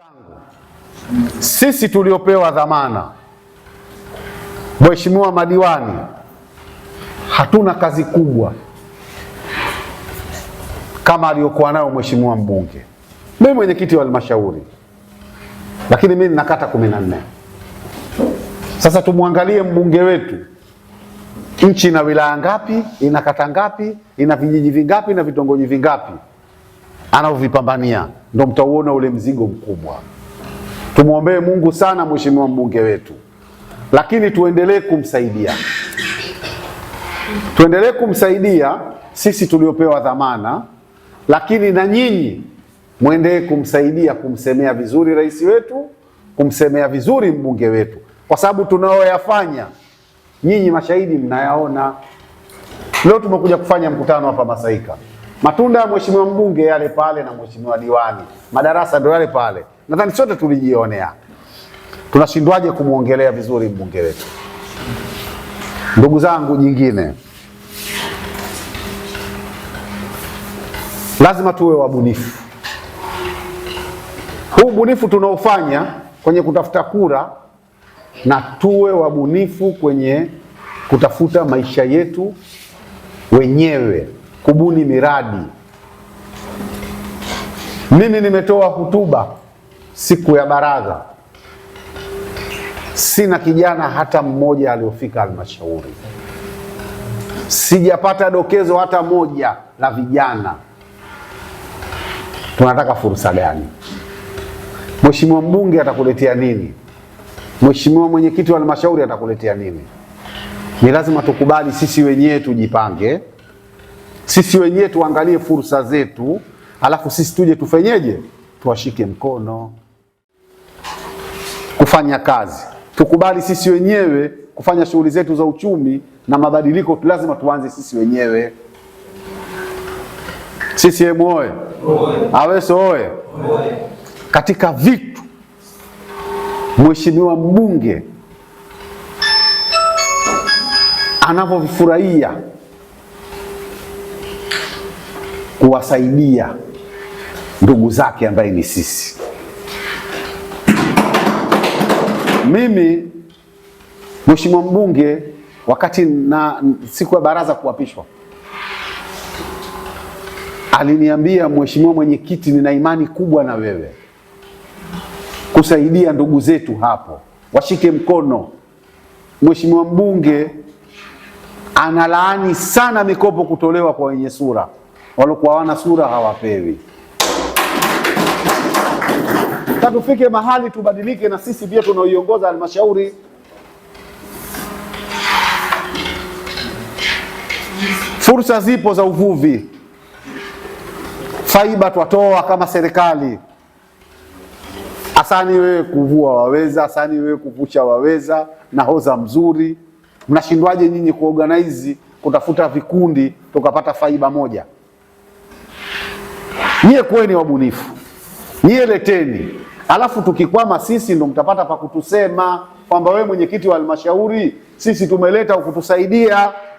zangu sisi tuliopewa dhamana, Mheshimiwa madiwani, hatuna kazi kubwa kama aliyokuwa nayo mheshimiwa mbunge. Mimi mwenyekiti wa halmashauri, lakini mimi nina kata kumi na nne. Sasa tumwangalie mbunge wetu, nchi ina wilaya ngapi? Ina kata ngapi? Ina vijiji vingapi? Na vitongoji vingapi? anavyovipambania ndo mtauona ule mzigo mkubwa. Tumwombee Mungu sana mheshimiwa mbunge wetu, lakini tuendelee kumsaidia, tuendelee kumsaidia sisi tuliopewa dhamana, lakini na nyinyi mwendelee kumsaidia, kumsemea vizuri rais wetu, kumsemea vizuri mbunge wetu, kwa sababu tunayoyafanya nyinyi mashahidi mnayaona. Leo tumekuja kufanya mkutano hapa Masaika. Matunda ya mheshimiwa mbunge yale pale na mheshimiwa diwani, madarasa ndio yale pale. Nadhani sote tulijionea, tunashindwaje kumwongelea vizuri mbunge wetu. Ndugu zangu, jingine lazima tuwe wabunifu. Huu ubunifu tunaofanya kwenye kutafuta kura, na tuwe wabunifu kwenye kutafuta maisha yetu wenyewe kubuni miradi. Mimi nimetoa hutuba siku ya baraza, sina kijana hata mmoja aliyofika halmashauri, sijapata dokezo hata moja la vijana tunataka fursa gani? Mheshimiwa mbunge atakuletea nini? Mheshimiwa mwenyekiti wa halmashauri atakuletea nini? Ni lazima tukubali sisi wenyewe tujipange. Sisi wenyewe tuangalie fursa zetu, alafu sisi tuje tufenyeje, tuwashike mkono kufanya kazi, tukubali sisi wenyewe kufanya shughuli zetu za uchumi, na mabadiliko lazima tuanze sisi wenyewe. CCM oye! Aweso oye! Katika vitu mheshimiwa mbunge anavyovifurahia kuwasaidia ndugu zake ambaye ni sisi. Mimi Mheshimiwa mbunge, wakati na siku ya baraza kuapishwa, aliniambia Mheshimiwa mwenyekiti, nina imani kubwa na wewe kusaidia ndugu zetu hapo, washike mkono. Mheshimiwa mbunge analaani sana mikopo kutolewa kwa wenye sura walikuwa wana sura hawapewi. Tatufike mahali tubadilike, na sisi pia tunaoiongoza halmashauri. Fursa zipo za uvuvi, faiba twatoa kama serikali. Asani wewe kuvua waweza, asani wewe kuvucha waweza, nahoza mzuri. Mnashindwaje nyinyi kuorganize kutafuta vikundi tukapata faiba moja? Nyie kuweni wabunifu, nyie leteni, alafu tukikwama sisi ndo mtapata pa kutusema kwamba wewe mwenyekiti wa halmashauri, sisi tumeleta ukutusaidia.